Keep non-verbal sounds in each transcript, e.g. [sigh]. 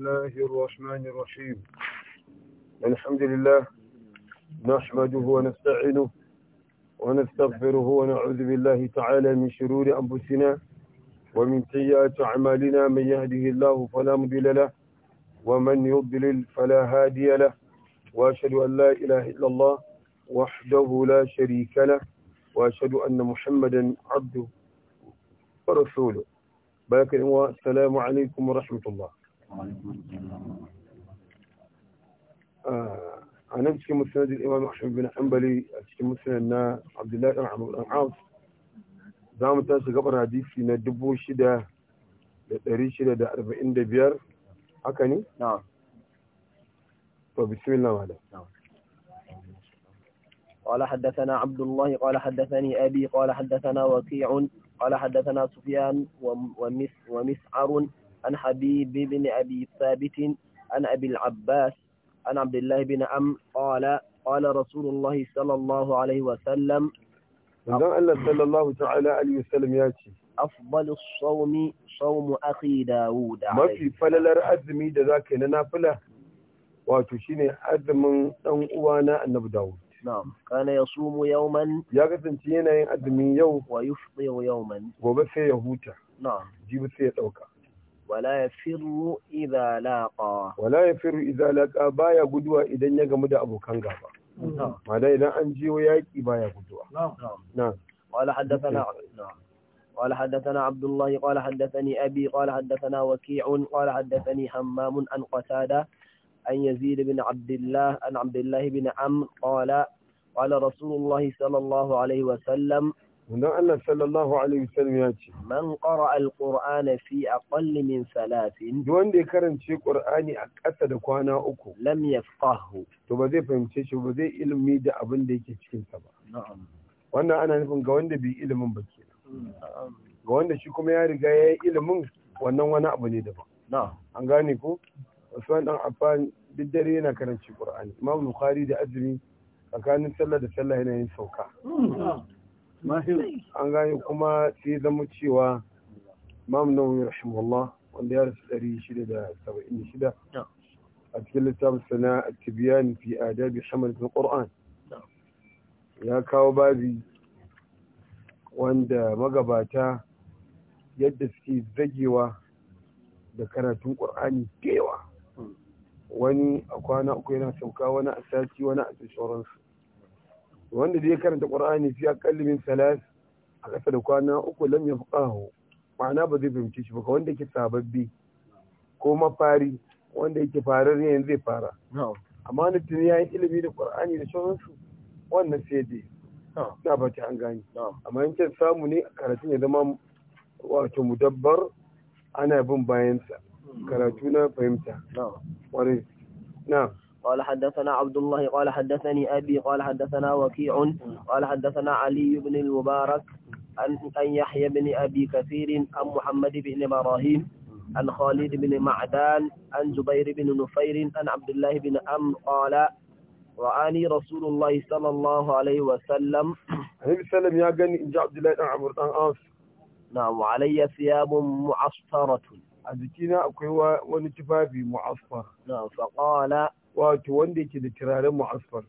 الله الرحمن الرحيم الحمد لله نحمده ونستعينه ونستغفره ونعوذ بالله تعالى من شرور أنفسنا ومن سيئات أعمالنا من يهده الله فلا مضل له ومن يضلل فلا هادي له وأشهد أن لا إله إلا الله وحده لا شريك له وأشهد أن محمدا عبده ورسوله بارك الله السلام عليكم ورحمة الله آه، أنا بشكي مسند الإمام أحمد بن حنبلي أشكي مسند عبد الله بن عمرو بن عاص زعم تاسي قبر في ندبو شدة لتري شدة دا أربعين دبير هكذا نعم فبسم طيب، الله وعلا نعم قال حدثنا عبد الله قال حدثني أبي قال حدثنا وكيع قال حدثنا سفيان ومسعر عن حبيب بن أبي ثابت عن أبي العباس عن عبد الله بن أم قال قال رسول الله صلى الله عليه وسلم قال صلى الله تعالى عليه وسلم ياتي أفضل الصوم صوم أخي داود ما في فلل أزمي ذاك نافلة وتشيني أزم وانا النبي داود نعم كان يصوم يوما يا كسنتي ينا أزمي يوم ويفطر يوما وبس يهوتا نعم جيب سيتوكا ولا يفر إذا لاقى ولا يفر إذا لاقى بايا قدوة إذا يقام دا أبو كان غابا نعم. هذا إذا أنجي وياكي بايا قدوة نعم نعم قال حدثنا نعم. نعم قال حدثنا عبد الله قال حدثني أبي قال حدثنا وكيع قال حدثني همام عن قتادة عن يزيد بن عبد الله عن عبد الله بن عم قال قال رسول الله صلى الله عليه وسلم Wanda Allah sallallahu Alaihi wasallam ya ce, Man ƙara al-Qur'ana fi a min salafin. Duk wanda ya karance ƙur'ani a ƙasa da kwana uku. Lam ya To ba zai fahimce shi ba zai ilimi da abin da yake cikinsa ba. Wannan ana nufin ga wanda bai ilimin ba ke. Ga wanda shi kuma ya riga ya yi ilimin wannan wani abu ne daban. An gane ko? Usman ɗan Affan duk dare yana karanci ƙur'ani. Imam Bukhari da Azumi tsakanin sallah da sallah yana yin sauka. an gane kuma sai zama cewa imam nawawi rahimahullah wanda ya rasu ɗari a cikin littafin sana a tibiyani fi adabi da ƙoran ya kawo babi wanda magabata yadda suke zagewa da karatun ƙur'ani da yawa hmm. wani a kwana uku yana sauka wani a sati wani a sauransu wanda zai karanta qur'ani fi aqalli min salas a kasa da kwana uku lam yafqahu ma'ana ba zai fahimci shi ba ka wanda yake sababbi ko mafari wanda yake farar yayin zai fara amma na tuni ya yi ilimi da qur'ani da sauransu wannan sai dai na ba ta an gani amma yankin samu ne karatun ya zama wato mudabbar ana bin bayansa hmm. karatu na fahimta. Ware, na. قال حدثنا عبد الله قال حدثني أبي قال حدثنا وكيع قال حدثنا علي بن المبارك عن يحيى بن أبي كثير عن محمد بن إبراهيم عن خالد بن معدان عن زبير بن نفير عن عبد الله بن أم قال وعاني رسول الله صلى الله عليه وسلم هل سلم يا جني إن عبد الله بن عمر عن نعم وعلي ثياب معصفرة أذكينا أكوى ونتفافي معصفر نعم فقال wato wanda yake da turaren mu'asfar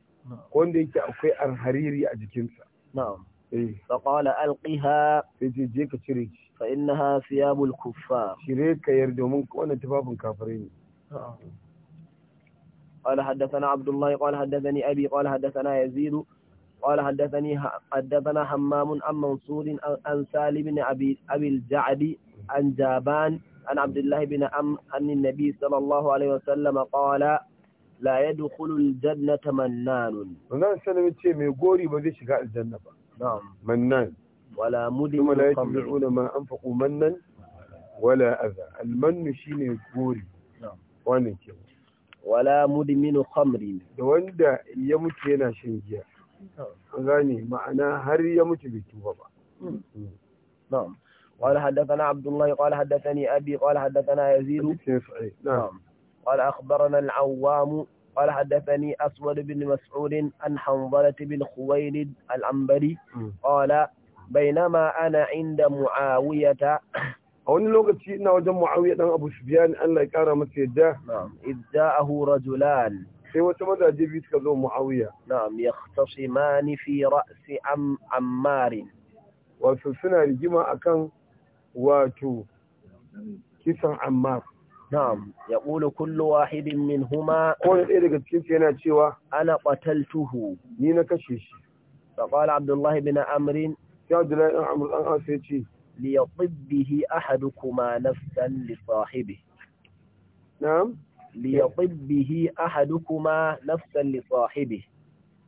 ko wanda yake akwai alhariri a jikinsa na'am eh fa alqiha sai ce je ka cire shi fa innaha thiyabul kuffar cire ka yar domin wannan tufafin kafirai ne قال حدثنا عبد الله قال حدثني أبي قال حدثنا يزيد قال حدثني حدثنا حمام عن منصور عن سالم بن أبي, أبي الجعد عن جابان عن عبد الله بن أم أن النبي صلى الله عليه وسلم قال la yadkhulul jannata mannanun manzon sallallahu ce mai gori ba zai shiga aljanna ba mannan wala mudi kuma la ma mannan wala adha almannu shine gori wannan ke wala da wanda ya mutu yana shan giya gane ma'ana har ya mutu bai tuba ba hmm. na'am قال حدثنا عبد الله قال حدثني أبي قال حدثنا يزيد نعم قال أخبرنا العوام قال حدثني أسود بن مسعود عن حنظلة بن خويلد العنبري قال بينما أنا عند معاوية a wani lokaci ina wajen mu'awiyya dan abu sufiyan Allah ya kara masa yadda na'am idza'ahu rajulan sai wata mazaje biyu suka zo mu'awiyya na'am yahtasimani fi ra'si am ammar wato suna rigima kan wato kisan ammar na'am ya ƙulu kullu wahidin min huma kowane ɗaya daga cikin yana cewa ana tuhu. ni na kashe shi fa abdullahi bin amr ya abdullahi bin amr an asa yace li yatib bihi ahadukuma nafsan li sahibi na'am li yatib bihi nafsan li sahibi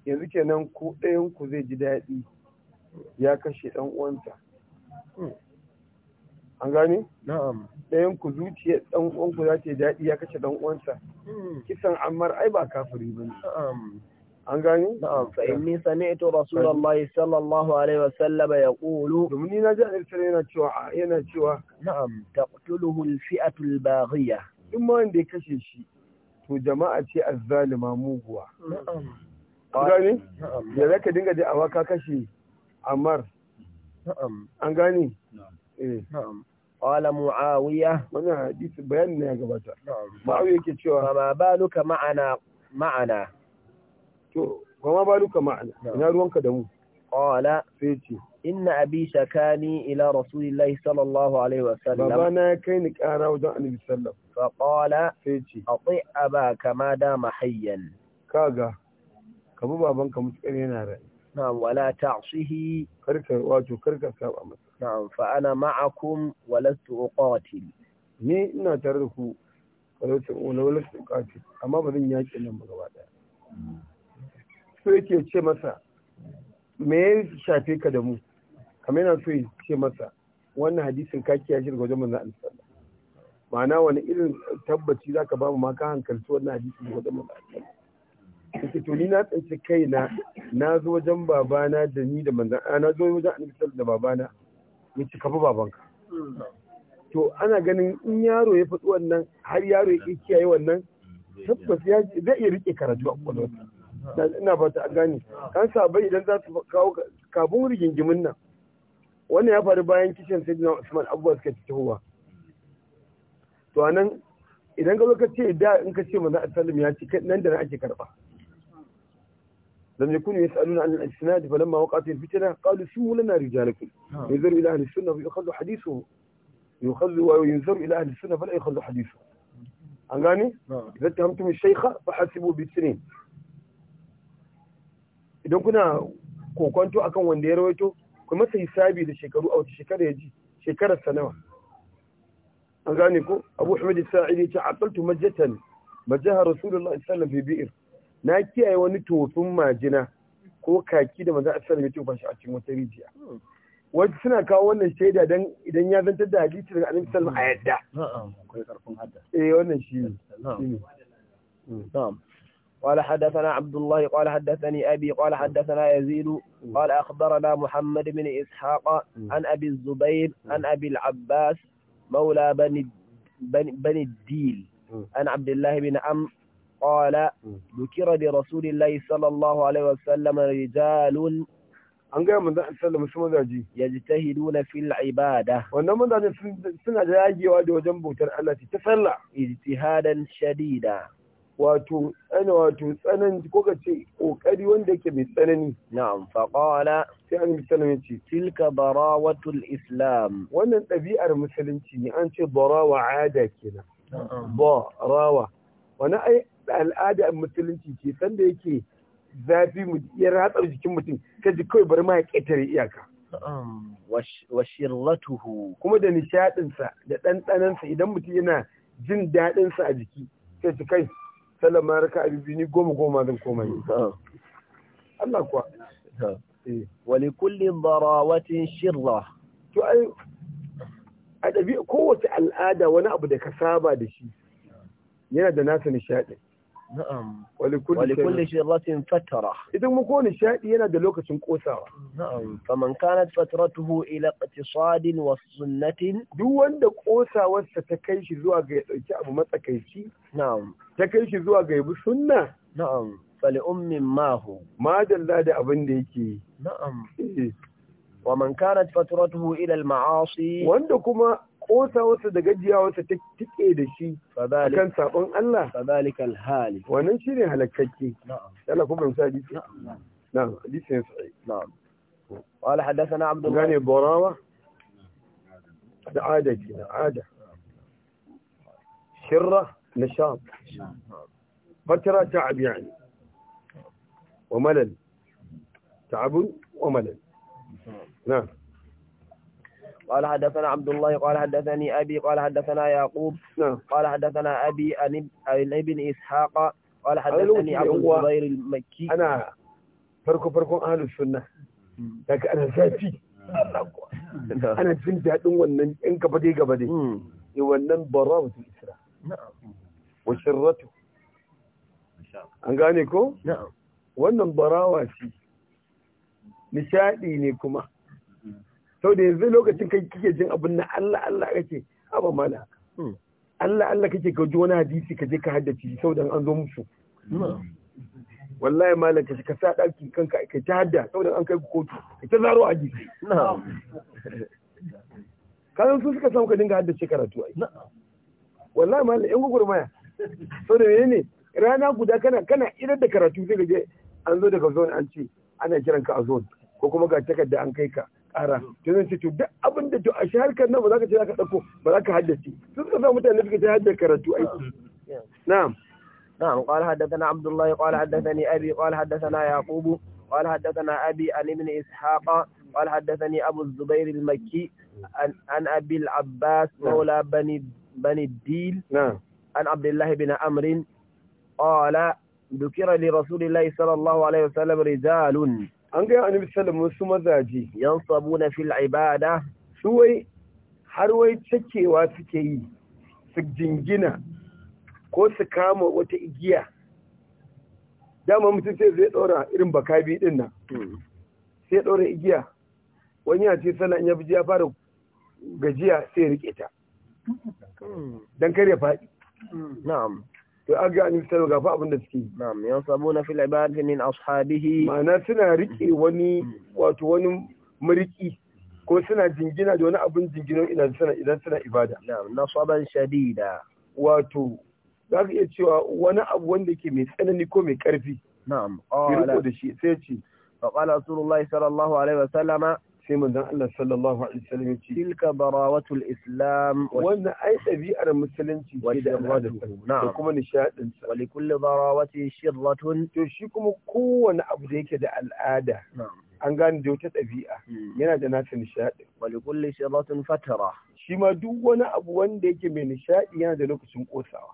yanzu kenan ku ɗayan ku zai ji daɗi ya kashe ɗan uwansa hmm. an gane na'am ɗayan ku zuciya ɗan uwan ku za ta daɗi ya kashe ɗan uwansa hmm. kisan ammar ai ba kafiri ba na'am an gane na'am fa inni sami'tu rasulullahi sallallahu alaihi ya yaqulu domin ni na ji annabi yana cewa yana cewa na'am taqtuluhu al-fi'atu al-baghiya duk ma wanda ya kashe shi to jama'a ce zalima muguwa na'am gane ya zaka dinga kashe ammar na'am an gane na'am eh. Ƙwala Mu'awiya. Wannan hadisi bayan ne ya gabata. cewa. Kama baluka ma'ana ma'ana. To, kama baluka ma'ana. Ina ruwanka da mu. Ƙwala. Sai ce. abi shakani ila Rasulillahi sallallahu alaihi Baba na ya kai ni ƙara wajen annabi sallam. Fa Sai ce. a ba kama da mahayyan. Kaga. kabi babanka mutuƙar yana rai. Na wala ta'asihi. Karka wato na'am fa ana ma'akum wa lastu uqatil ni ina tare da ku wa lastu uqatil amma ba zan yaki nan ba gaba daya so yake ce masa me ya shafe ka da mu kamar yana so ya ce masa wannan hadisin ka kiyaye shi daga wajen manzon Allah sallallahu ma'ana wani irin tabbaci zaka ba mu ma ka hankalci wannan hadisin daga wajen manzon Allah yake to ni na tsinci kaina na zo wajen babana da ni da manzan na zo wajen annabi da babana ya ci kafa babanka hmm. to ana ganin in yaro ya faɗi wannan har yaro ya kiyaye wannan tabbas ya zai iya rike karatu a kwakwalwarsa ina ba ta gane kan sabai idan za su kawo kafin rigingimin nan wannan ya faru bayan kishin dina usman abubuwa suka ci tahowa to anan idan ka zo ka ce da in ka ce manzo ya ci nan da na ake karba لم يكونوا يسألون عن الاسناد فلما وقعت الفتنة قالوا سووا لنا رجالكم نعم. ينذروا إلى أهل السنة ويأخذوا حديثه يخذوا وينذروا إلى أهل السنة فلا يأخذوا حديثه أنقاني؟ نعم. إذا اتهمتم الشيخ فحاسبوا بالسنين إذا كنا كونتو أكون وندير ويتو كما سيسابي لشيكرو أو تشيكر يجي شيكر السنوة أنقاني أبو حميد الساعدي تعطلت مجة مجاها رسول الله صلى الله عليه وسلم في بئر na kiyaye wani tofin majina ko kaki da maza a tsara ya tofa shi a cikin wata rijiya wasu suna kawo wannan shaida don idan ya zanta da hadisi daga annabi salma a yadda eh wannan shi قال حدثنا عبد الله قال حدثني أبي قال حدثنا يزيد قال أخبرنا محمد بن إسحاق عن أبي الزبير عن أبي العباس مولى بني, بني, الديل عن عبد الله بن عمرو قال ذكر برسول الله صلى الله عليه وسلم رجال an gaya manzon Allah sallallahu alaihi wasallam ta hiduna fil ibada wannan mazajen suna jagewa da wajen bautar Allah ta sallah ijtihadan shadida wato ana wato tsanani ko kace kokari wanda yake mai tsanani na'am fa qala sai an bi sallama yace tilka barawatul islam wannan ɗabi'ar musulunci ne an ce barawa ada kenan barawa wani ai al'ada musulunci ce sanda yake zafi mu ya ratsa jikin mutum ka ji kawai bari ma ya ƙetare iyaka wa shirlatuhu kuma da nishaɗinsa da ɗanɗanansa idan mutum yana jin daɗinsa a jiki sai su kai salama raka abubu ni goma goma zan koma yi Allah kuwa kullum eh. kullin barawatin shirla to ai a ɗabi'a kowace al'ada wani abu da ka saba da shi yana da nasa nishaɗin na'am wali kulli shirratin fatara idan mu kowane yana da lokacin kosawa na'am faman kanat fatratuhu ila iqtisadin wasu sunnatin duk wanda kosawarsa ta kai shi zuwa ga ya ɗauki abu matsakaici na'am ta kai shi zuwa ga yabi sunna na'am fali ummin mahu madalla da abin da yake na'am eh. wa man kanat fatratuhu ila al ma'asi wanda kuma kosa wata da gajiya wata ta tike da shi kan sabon Allah fadhalika alhali wannan shine halakakke na'am Allah ku gamsa hadisi na'am hadisi ne sai na'am قال حدثنا عبد الله يعني براوة عادة كده عادة شرة نشاط فترة تعب يعني وملل تعب وملل نعم قال حدثنا عبد الله قال حدثني أبي قال حدثنا يعقوب قال حدثنا أبي عن ابن إسحاق قال حدثني أبو الزبير المكي أنا فرقو فرقو أهل السنة لكن أنا ساتي أنا جن جادون ونن إنك بدي كبدي ونن براءة الإسراء وشرته an gane ko? wannan barawa ce nishadi ne kuma sau da yanzu lokacin kai kike jin abin na Allah Allah kake aba mala hmm. Allah Allah kake ka ji wani hadisi ka je ka haddace sau da an zo musu hmm. wallahi malam ka ka sa daki kanka ka ta hadda sau da an kai kotu ka ta zaro hadisi kan su suka samu ka dinga haddace karatu ai wallahi malam yan gugurmaya sau da ne rana guda kana kana idan da karatu sai ka je an zo daga zone an ce ana kiran ka a zone ko kuma ga takarda an kai ka ara to zai ce to duk abin da to a shi harkar nan ba za ka ce za ka ɗauko ba za ka haddace sun suka sa mutane suka ce haddar karatu aiki na'am na'am qala haddathana abdullahi qala haddathani abi qala haddathana yaqub قال حدثنا أبي عن ابن إسحاق قال حدثني أبو الزبير المكي عن, أبي العباس مولى بني بني الديل عن عبد الله بن عمرو قال ذكر لرسول الله صلى الله عليه وسلم رجال an gaya annabi sallallahu su mazaje yansabuna fil ibada su wai har wai cakewa suke yi su jingina ko su kama wata igiya dama mutum sai zai ɗora irin baka biyu ɗin nan hmm. sai ɗora igiya wani ya ce sallah ya ya fara gajiya sai rike ta hmm. dan kare ya faɗi na'am to an ga annabi sallallahu fa abin da suke na'am yansabuna fil ibadati min ashabihi ma'ana suna rike wani wato wani mariki ko suna jingina da wani abin jinginan idan suna idan suna ibada na'am nasaban shadida wato za ka iya cewa wani abu wanda ke mai tsanani ko mai karfi na'am ko da shi sai ce fa qala rasulullahi sallallahu alaihi wasallama sai manzon Allah sallallahu alaihi wasallam ce tilka barawatul islam wannan ai dabi'ar musulunci ce da Allah da da kuma nishadin sa wali kulli barawati shirratun to shi kuma kowane abu da yake da al'ada an gane da wata ɗabi'a hmm. yana da nata nishadi. wali kulli shirratun fatara shi ma duk wani abu wanda yake mai nishadi yana da lokacin kosawa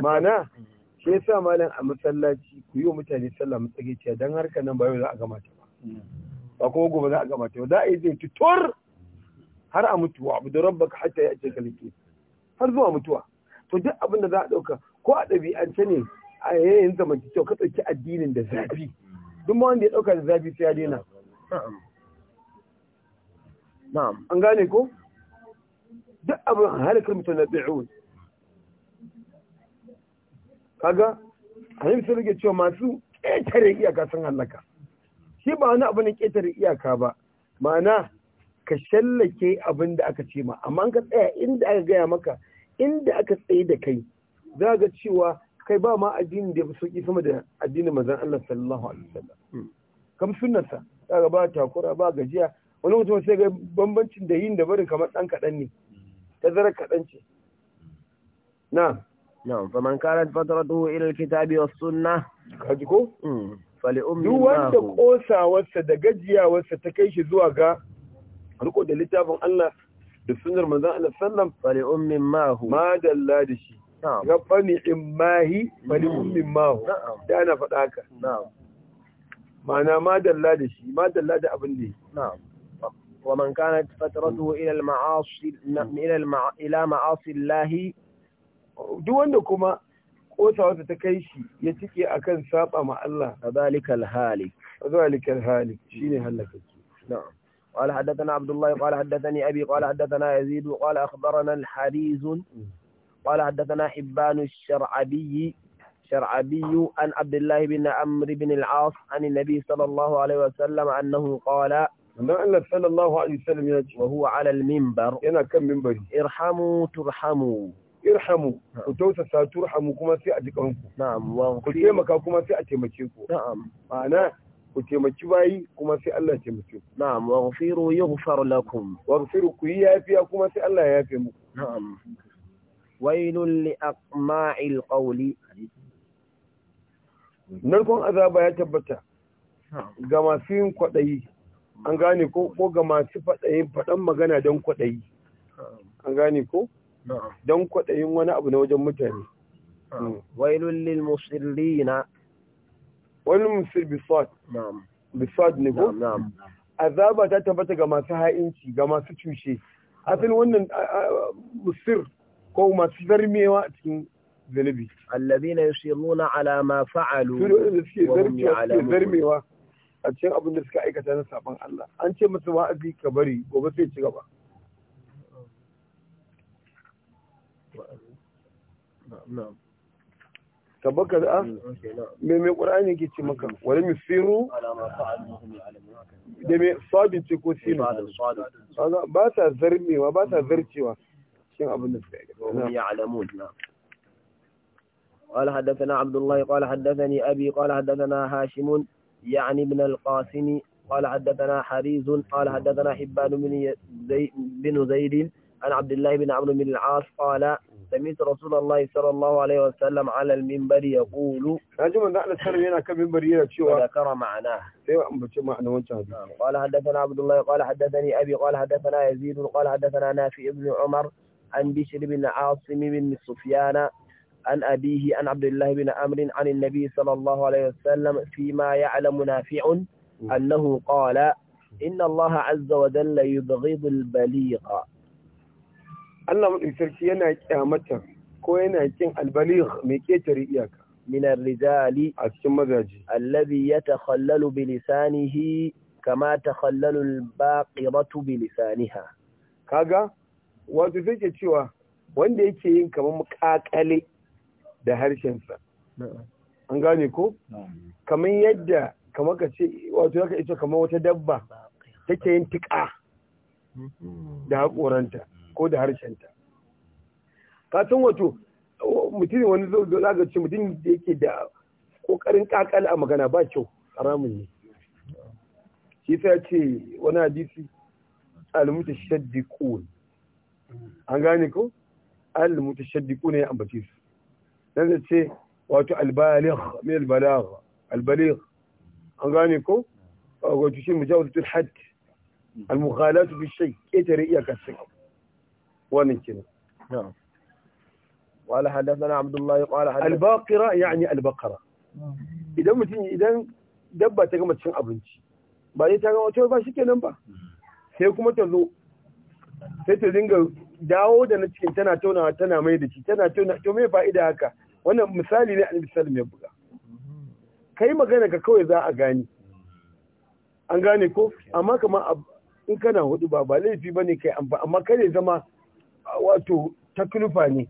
ma'ana hmm. shi sa malam a masallaci ku yi wa mutane sallah matsakaiciya don harka nan ba yau za a gama ta ba hmm. ba kuma gobe za a gama ta za a yi zai tutur har a mutuwa abu da ka hata ya ce kalike har zuwa mutuwa to duk abin da za a ɗauka ko a ɗabi'ance ne a yayin zamantakewa ka ɗauki addinin da zafi duk ma wanda ya ɗauka da zafi sai ya daina na'am an gane ko duk abin halakar mutum na tsi'un kaga a yi misali cewa masu ƙetare iyaka sun halaka shi ba wani abu na ƙetare iyaka ba ma'ana ka shallake abin da aka ce ma amma ka tsaya inda aka gaya maka inda aka tsaye da kai za ga cewa kai ba ma addini da ya sauki sama da addinin mazan Allah sallallahu alaihi wasallam hmm. kam sunnarsa ga ba takura ba gajiya wani mutum sai ga bambancin da yin da barin kamar dan kadan ne tazara kadan ce na na faman kanat fatratu ila alkitabi was kaji ko hmm. duk wanda ƙosawarsa da gajiyawarsa ta kai shi zuwa ga riko da littafin Allah da sunar manzan Allah sallam fali ummin mahu ma dalla da shi ga fani in mahi fali ummin mahu da ana faɗa haka ma'ana ma dalla da shi ma dalla da abin da yake ومن كانت فترته إلى المعاصي إلى معاصي الله duk wanda kuma kosa wata ta kai shi ya cike akan saba ma Allah zalikal halik zalikal halik shine halaka na'am قال حدثنا عبد الله قال حدثني أبي قال حدثنا يزيد قال أخبرنا الحريز قال حدثنا حبان الشرعبي الشرعبي عن عبد الله بن عمرو بن العاص عن النبي صلى الله عليه وسلم أنه قال أن صلى الله عليه وسلم وهو على المنبر أنا كم منبر ارحموا ترحموا irhamu ku tausasa turhamu kuma sai a ji kanku ku taimaka kuma sai a taimake ku ma'ana ku taimaki bayi kuma sai Allah taimake ku na'am wa ghafiru yughfar lakum wa ghafiru ku yi yafiya kuma sai Allah ya yafe muku na'am wailul li aqma'il qawli kun azaba ya tabbata ga masu yin kwaɗayi an gane ko ga masu faɗayin faɗan magana don kwaɗayi an gane ko don kwaɗayin wani abu na wajen mutane ah. hmm. wailun lil na? wani musir bisad bisad ne ko azaba ta tabbata ga masu ha'inci ga masu cushe asalin wannan musir ko masu zarmewa a cikin zalibi allazina yusirruna ala ma fa'alu su suke zarmewa a cikin abin da suka aikata na saban Allah an ce musu wa'azi ka bari gobe sai ci gaba نعم. تبقى الآن نعم. من القرآن يجيت مكة ولم يفروا دم صاد تكون سيما هذا بس الزرمي وبس الزرتشوا شو أبو نفعل هم نعم. يعلمون قال حدثنا عبد الله قال حدثني أبي قال حدثنا هاشم يعني ابن القاسم قال حدثنا حريز قال حدثنا حبان بن زيد زي عن عبد الله بن عمرو بن العاص قال سمعت رسول الله صلى الله عليه وسلم على المنبر يقول نجم ان الله هنا كم هنا تشوى ذكر معناه إيه، نعم. قال حدثنا عبد الله قال حدثني ابي قال حدثنا يزيد قال حدثنا نافع بن عمر عن بشر بن عاصم بن سفيان عن أبيه عن عبد الله بن أمر عن النبي صلى الله عليه وسلم فيما يعلم نافع أنه قال إن الله عز وجل يبغض البليغ Allah maɗauki sarki yana kyamata ko yana kin albaligh mai ketare iyaka min ar-rijali a cikin mazaji allazi yatakhallalu bi lisanihi kama takhallalu al-baqiratu bi lisaniha kaga wato sai ke cewa wanda yake yin kamar mukakale da harshensa an gane ko kamar yadda kamar ka ce wato ya ka ita kamar wata dabba take yin tiƙa hmm. da haƙoranta ko da harshenta ka san wato mutum wani ga ce mutum da yake da kokarin kakal a magana ba kyau haramun ne shi ta ce wani hadisi almuta shaddiqun an gane ko almuta shaddiqun ya ambace su dan da ce wato albaligh mai albalagh albaligh an gane ko wato shi tutun hadd Almukhalatu في الشيء كتر إياك السكر wannan kenan na'am wala hadathana abdullahi qala hadathana al-baqira yani idan mutum idan dabba ta gama cin abinci ba zai ta gama wata ba shikenan ba sai kuma ta zo sai ta dinga dawo da na cikin tana taunawa tana mai da shi tana tauna to me fa'ida haka wannan misali ne annabi sallallahu ya buga kai magana ka kawai za a gani an gane ko amma kamar in kana hudu ba ba laifi bane kai amma amma kare zama wato taklufa ne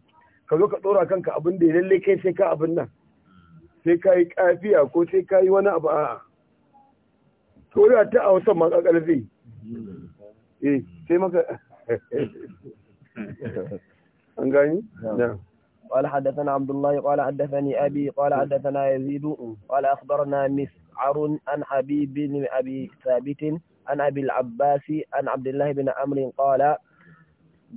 ka zo ka ɗora kanka abin da lalle kai sai ka abin nan sai ka yi kafiya ko sai ka yi wani abu a'a to da ta ma kakar zai eh sai maka [laughs] an gani na'am قال حدثنا عبد الله قال حدثني أبي قال حدثنا يزيد قال أخبرنا مسعر عن حبيب بن أبي ثابت عن أبي العباس عن عبد الله بن عمرو قال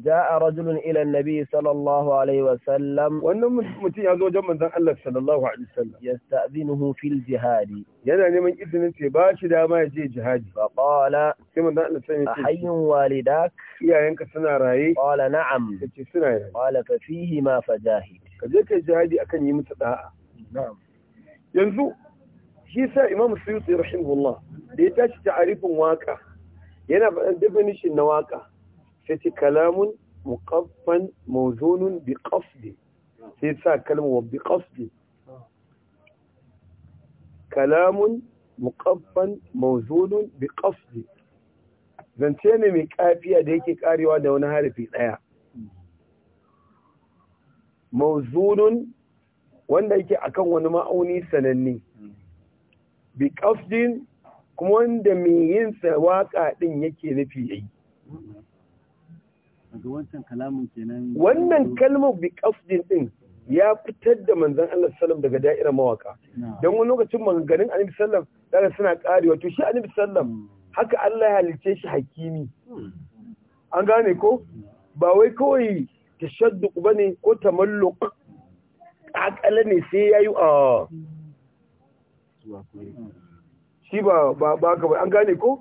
ja'a rajulun ila annabi sallallahu alaihi wa sallam wannan mutum ya zo wajen manzon Allah sallallahu alaihi wa sallam yasta'dhinuhu fil jihad yana neman izinin ce ba shi dama ya je jihadi fa qala sai manzon Allah sai ya ce hayyun walidak iyayenka suna raye qala na'am yace suna raye qala fa fihi ma fajahid kaje kai jihadi akan yi musu da'a na'am yanzu shi sa imam suyuti rahimahullah da ya tashi ta'arifin waka yana faɗan definition na waka sai ce kalamun muqaffan mawzunun biƙafdi sai sa kalmar wa biƙafdi kalamun muqaffan mawzunun biƙafdi zance ne mai ƙafiya da yake ƙarewa da wani harafi ɗaya mazunun wanda yake akan wani ma'auni sananni biƙafdin kuma wanda mai yinsa sa waka yake nufi yayi wannan kalmar bi kafdin din ya fitar da manzan Allah sallam daga da'irar mawaka don wani lokacin maganganun annabi sallam daga suna karewa to shi annabi sallam hmm. haka Allah ya halice shi hakimi hmm. an gane ko hmm. ba wai kawai tashadduq bane ko tamalluq akala ne sai yayi ah. a shi ba ba ba an gane ko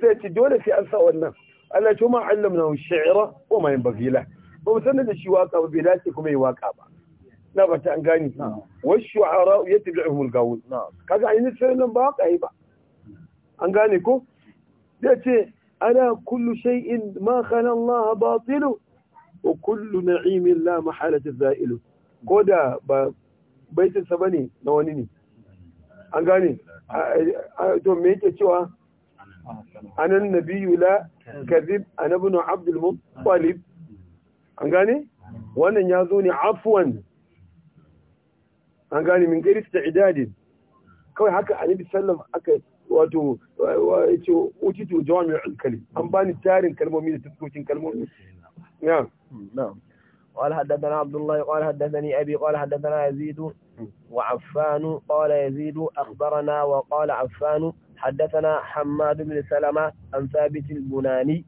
sai ce dole sai an sa wannan Allah ce ma allamna shi'ra wa ma yanbaghi la ba mu da shi waka ba bai dace kuma yi waka ba na ba ta an gani wa shu'ara yatbi'uhum al kaga ayin sai nan ba waka yi ba an gane ko zai ce ana kullu shay'in ma khana Allah batilu wa kullu na'imin la mahalata za'ilu ko da ba baitin sa bane na wani ne an gane to me yake cewa anan nabiyyu la kadib an ibn abd al-muttalib an wannan ya zo ne afwan an gane min gairi ta'idadin kawai haka annabi sallam aka wato yace utitu jawami'ul kalim an bani tarin kalmomi da kalmomi na'am قال حدثنا عبد الله قال حدثني ابي قال حدثنا يزيد وعفان قال يزيد اخبرنا وقال عفان حدثنا حماد بن سلمة عن ثابت البناني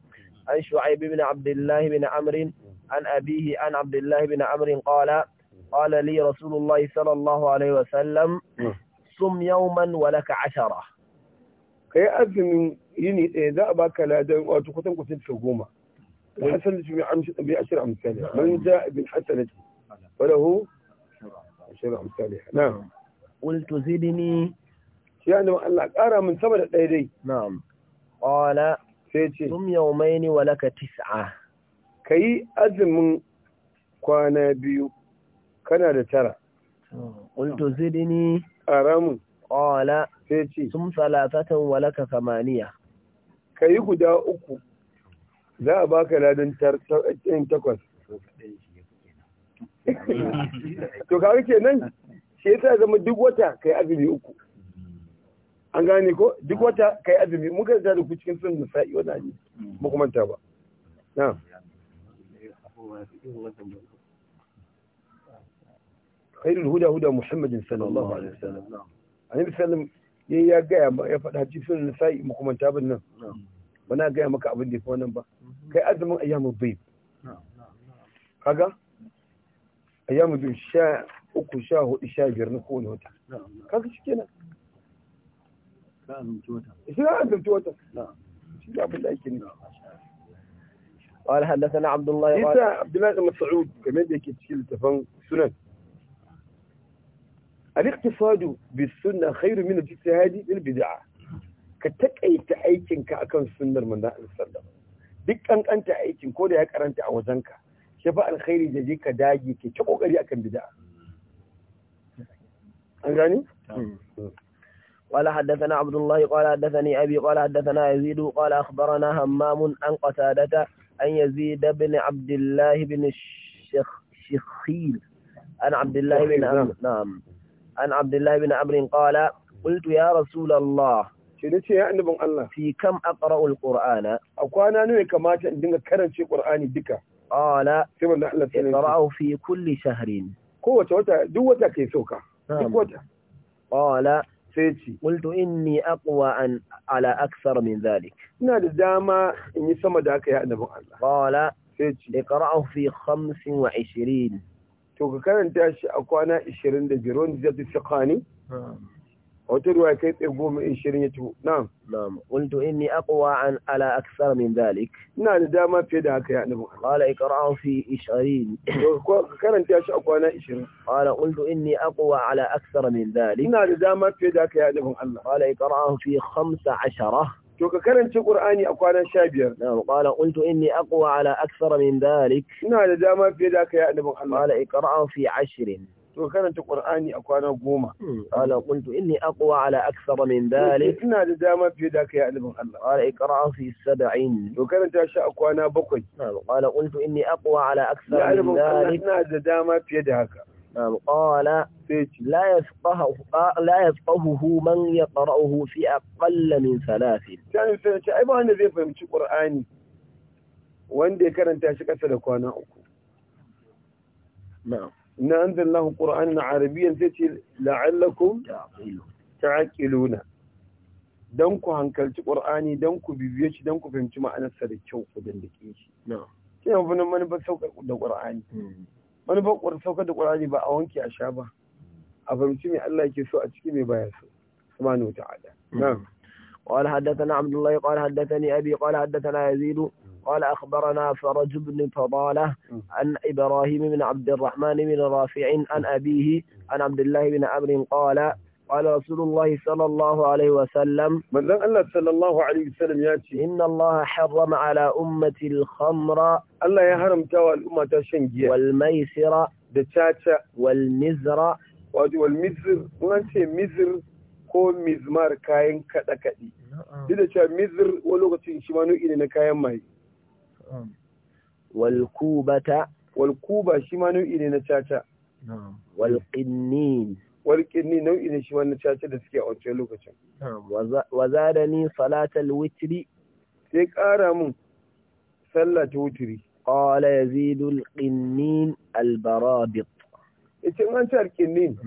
عن شعيب بن عبد الله بن عمرو عن أبيه عن عبد الله بن عمرو قال قال لي رسول الله صلى الله عليه وسلم صم يوما ولك عشرة كي أذن يني إذا أباك لا دين وتقتم قتل الحكومة الحسن بن عمش بعشر أمثاله من جاء بن حسن وله عشر أمثاله نعم قلت زدني ya annabi Allah ƙara min sama da ɗaya dai na'am qala sai ce sum yawmaini wa laka tis'a yi azumin kwana biyu kana da tara qultu zidni aramu qala sai ce sum salatatan wa laka Ka yi guda uku za a baka ladan takwas [laughs] to kawai kenan shi yasa zama duk wata ka yi azumi uku an gane ko duk ah. wata kai azumi mun karanta da ku cikin sun nisa'i wani ne hmm. ba kuma ba na khairul huda huda muhammadin sallallahu alaihi wasallam annabi sallam yayi ya gaya ma ya faɗa cikin sun nisa'i mu kuma ta nan bana gaya maka abin da ya fi wannan ba hmm. kai azumin ayyamul bayt kaga ayyamul bayt sha uku sha hudu sha biyar na kowane wata kaga shikenan za a da abin da ake nufi قال حدثنا عبد الله قال عبد الله بن مسعود كمان ديك تشيل تفن سنن الاقتصاد بالسنه خير من الاجتهاد بالبدعه كتقيت aikinka akan sunnar manzon Allah sallallahu duk kankanta aikin ko da ya karanta a wajenka shi fa alkhairi da ka dage ke ta kokari akan bid'a an gani قال حدثنا عبد الله قال حدثني أبي قال حدثنا يزيد قال أخبرنا همام عن قتادة أن يزيد بن عبد الله بن الشخيل عن عبد الله بن عمرو نعم عن عبد الله بن عمرو قال قلت يا رسول الله في كم أقرأ القرآن أقوانا نوي كما تنجم كرن شي قرآني بك قال اقرأه في كل شهر قوة وتا دوتا كيسوكا نعم. قال sai ci in inni aqwa an ala aksar min zalik ina da dama in yi sama da haka ya annabin Allah qala sai ci iqra'u fi ishirin. to ka karanta shi a kwana 25 da zai fi وتروى كيف يقوم شريته نعم نعم قلت إني أقوى عن على أكثر من ذلك نعم ده ما في ذاك يعني قال اقرأ في إشعرين [laughs] كان أنت أقوى أنا إشعرين قال قلت إني أقوى على أكثر من ذلك نعم ده ما في ذاك يعني قال اقرأ في خمس عشرة شوك ka karanta أقوى أنا kwanan 15 نعم، قال قلت إني أقوى على أكثر من ذلك نعم ina da dama fiye da haka قال annabi في qala to karanta qur'ani a kwana goma hmm. qala qultu inni aqwa ala min hmm, dhalik ina da dama fiye da kai alibin Allah qala iqra fi sab'in to karanta shi a kwana bakwai qala qultu inni aqwa ala akthara min dhalik ina da dama fiye da haka قال لا يفقه لا يفقهه من يقرأه في أقل من ثلاث كان فهمت أي أنا زي فهمت قرآني وين دي كرنت أشكى سلكوانا أكو نعم inna anzalnahu qur'anan arabiyyan sai ce la'allakum ta'qiluna dan ku hankalci qur'ani dan ku bibiye shi dan ku fahimci ma'anarsa da kyau ku dandake shi na'am kina bin manufar saukar da qur'ani hmm. manufar saukar da qur'ani ba a wanke a sha ba a fahimci me Allah yake so a ciki me baya so subhanahu wa ta'ala hmm. na'am قال حدثنا عبد الله قال حدثني أبي قال حدثنا يزيد قال أخبرنا فرج بن فضالة عن إبراهيم بن عبد الرحمن بن رافع عن أبيه عن عبد الله بن عمرو قال قال رسول الله صلى الله عليه وسلم من الله صلى الله عليه وسلم ياتي إن الله حرم على أمتي الخمر الله يحرم توا الأمة شنجية والميسرة دتاتا والمزر والمزر ونسي مزر ko mizmar kayan kaɗe-kaɗe. Duk da cewa mizir wani lokacin shi ma nau'i ne na kayan maye. walkubata walkuba shi ma nau'i ne na caca walƙinnin walƙinni nau'i ne shi ma na caca da suke a wancan lokacin wa zada ni salatal witri sai ƙara mun sallah ta wutiri qala yazidu alqinnin albarabit ita an ta alqinnin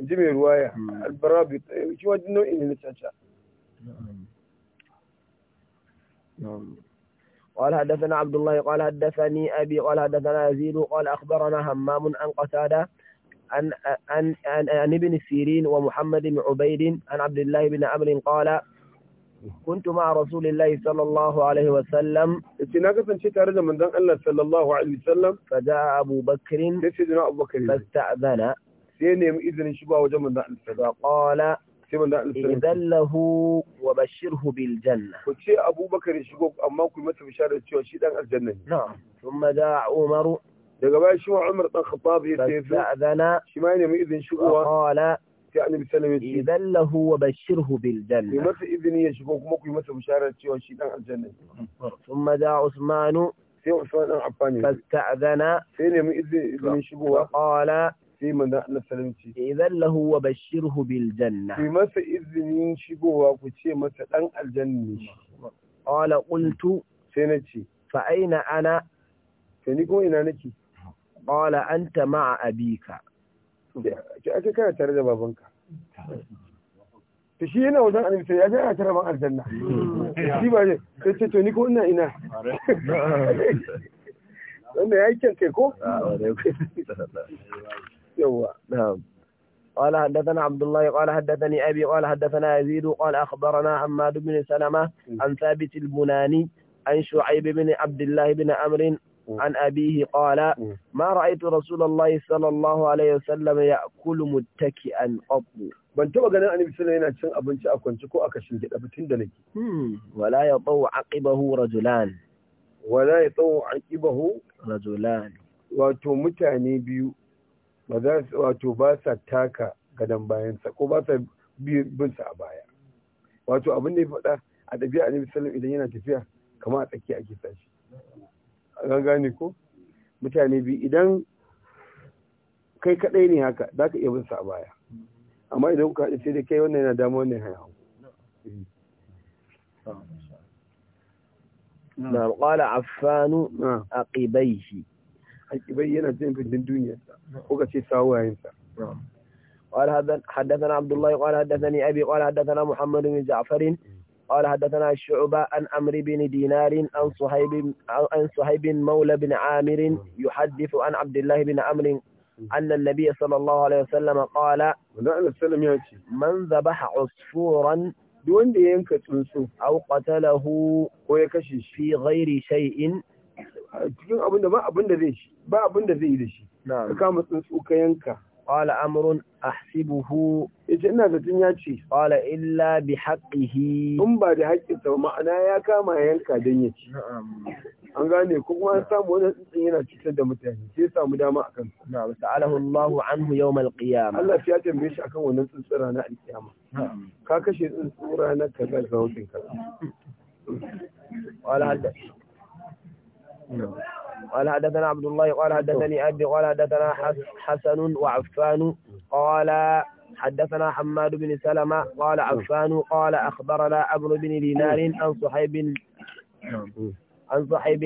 ji mai ruwaya hmm. albarabit eh, shi wajen nau'i ne na caca قال حدثنا عبد الله قال حدثني أبي قال حدثنا يزيد قال أخبرنا همام عن قتادة عن, عن, عن, عن ابن السيرين ومحمد بن عبيد عن عبد الله بن عمر قال كنت مع رسول الله صلى الله عليه وسلم تناك سنشي تارد من دان الله صلى الله عليه وسلم فجاء أبو بكر سيدنا أبو بكر فاستأذن سيني إذن شبه وجه فقال إذا وبشره بالجنة أبو بكر يشقوك أما كل ما تبشار يتشوى الجنة نعم ثم دع عمر يقبال شو عمر طان خطاب يتشوى فأذنا شمعين يمئذن شقوه وقال يعني بسلم يتشوى إذا وبشره بالجنة ما إذن يشقوك ما كل ما تبشار يتشوى الجنة ثم دع عثمان فاستأذن عثمان أعباني فاستعذنا سيء sai manzon Allah salamci idan lahu wa bashirhu bil janna ki masa izinin shigowa ku ce masa dan aljanna ne qala qultu sai na ce fa aina ana to ni kuma ina nake qala anta ma'a abika ki ake kana tare da babanka to shi yana wajen annabi sai ya ga tare ban aljanna shi ba ne sai ce to ni ko ina ina wanda ya yi kyan kai ko [laughs] يوه نعم قال حدثنا عبد الله قال حدثني أبي قال حدثنا يزيد قال أخبرنا عماد بن سلمة عن ثابت an عن شعيب بن عبد الله بن أمر عن أبيه قال ما رأيت رسول الله صلى الله عليه وسلم يأكل متكئا قط ban taba ganin annabi sallallahu yana cin abinci a kwance ko a kashin da da nake wala ya tawu aqibahu rajulan wala ya tawu aqibahu wato mutane biyu ba za su wato ba sa taka gadon bayansa ko ba sa bin sa a baya wato abin da ya faɗa a ɗabi'a annabi sallam idan yana tafiya kama a tsakiya ake A an gane ko mutane bi idan kai kaɗai ne haka za ka iya bin sa a baya amma idan kuka haɗu sai dai kai wannan yana dama wannan hanyar نعم a ƙibai shi. haƙibai yana jin gindin duniyarsa ko ka ce sawayensa قال حدثنا عبد الله قال حدثني أبي قال حدثنا محمد بن جعفر قال حدثنا الشعبة عن عمرو بن دينار عن صهيب عن صهيب مولى بن عامر يحدث عن عبد الله بن عمرو أن النبي صلى الله عليه وسلم قال من ذبح عصفورا دون ينكت أو قتله في غير شيء cikin abin da ba abin da zai shi ba abin da zai yi da shi ka kama tsuntsu ka yanka qala amrun ahsibuhu yace ina zaton ya ce qala illa bi haqqihi in ba da haƙƙin sa ma'ana ya kama yanka dan ya ci an gane ko kuma an samu wani tsuntsun yana cutar da mutane sai samu dama akan sa na'am alahu Allahu anhu yawm al-qiyamah Allah ya tambaye shi akan wannan tsuntsun ranar al-qiyama ka kashe tsuntsun ranar kaza ga wajen kaza wala hadda نعم. قال حدثنا عبد الله قال حدثني نعم. أبي قال حدثنا حسن وعفان قال حدثنا حماد بن سلمة قال نعم. عفان قال أخبرنا عمرو بن دينار عن صحيب عن صحيب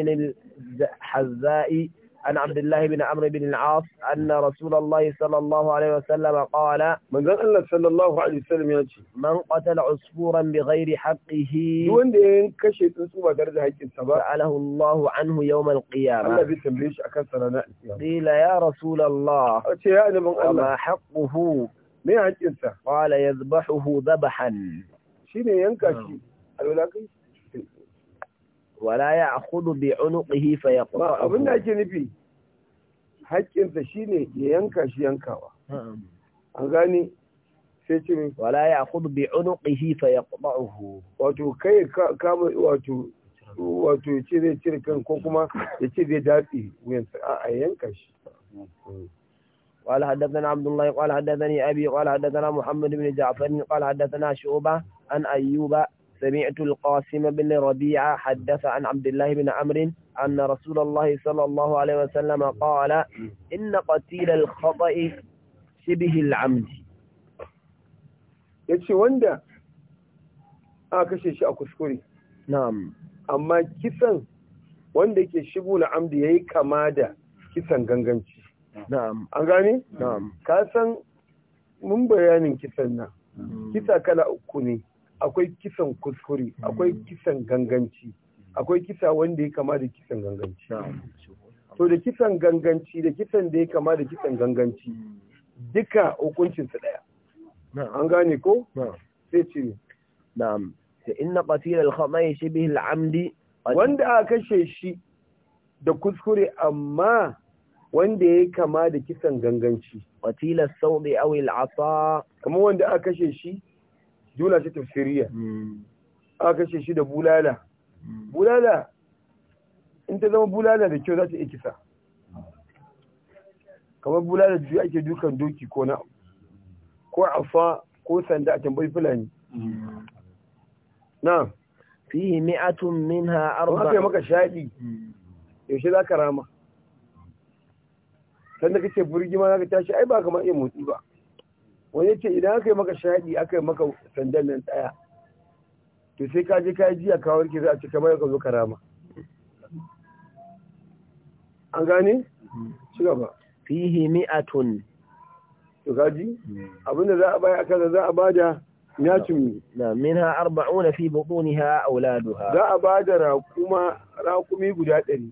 الحزاء عن عبد الله بن عمرو بن العاص أن رسول الله صلى الله عليه وسلم قال من قال الله صلى الله عليه وسلم يأتي من قتل عصفورا بغير حقه دون دين كشي تنسوا درجة هيك السبا سأله الله عنه يوم القيامة الله بيتمليش أكثر قيل يا رسول الله وما حقه ما حقه قال يذبحه ذبحا شنو ينكشي الولاقي wala ya akhudhu bi unuqihi fa yaqra abin da ake nufi haƙƙinsa shine ya yanka shi yankawa an gani sai ce mai wala ya akhudhu bi unuqihi fa yaqta'uhu wato kai kama wato wato ya ce zai cire kan ko kuma ya ce zai dafi wuyansa a yanka shi قال حدثنا عبد الله قال حدثني ابي قال حدثنا محمد بن جعفر قال حدثنا شعبه عن ايوب سمعت القاسم بن ربيعة حدث عن عبد الله بن عمرو أن رسول الله صلى الله عليه وسلم قال إن قتيل الخطأ شبه العمد yace wanda aka kashe shi a kuskure na'am amma kisan wanda yake shigo la'amdi yayi kama da kisan ganganci na'am an gane na'am ka san mun bayanin kisan nan kisa kala uku ne akwai kisan kuskure hmm. akwai kisan ganganci hmm. akwai kisa wanda ya kama da kisan ganganci to da kisan ganganci da kisan da ya kama da kisan ganganci duka hukuncin su daya an gane ko sai ce na'am fa inna qatil al-khamay shibih al-amdi wanda aka kashe shi da kuskure amma wanda ya kama da kisan ganganci qatilas sawbi aw al-asa kamar wanda aka kashe shi jumla ce tafsiriya hmm. aka kashe shi da bulala hmm. bulala in ta zama bulala da kyau za ta iya kisa kamar bulala da ake dukan doki ko na ko afa ko sanda a tambayi fulani hmm. na fihi mi'atun ha arba yi maka shaɗi yaushe za ka rama sanda ka ce burgima za ka tashi ai ba kamar iya motsi ba wani ya ce idan aka yi maka shaɗi aka yi maka sandan nan ɗaya to sai ka je ka yi jiya kawar ki za a ce kamar ka zo karama an gane? ci gaba fihi mi'atun to kaji abinda za a baya aka za a bada yatin na minha arba'una fi butuniha auladuha za a bada rakuma raƙumi guda ɗari.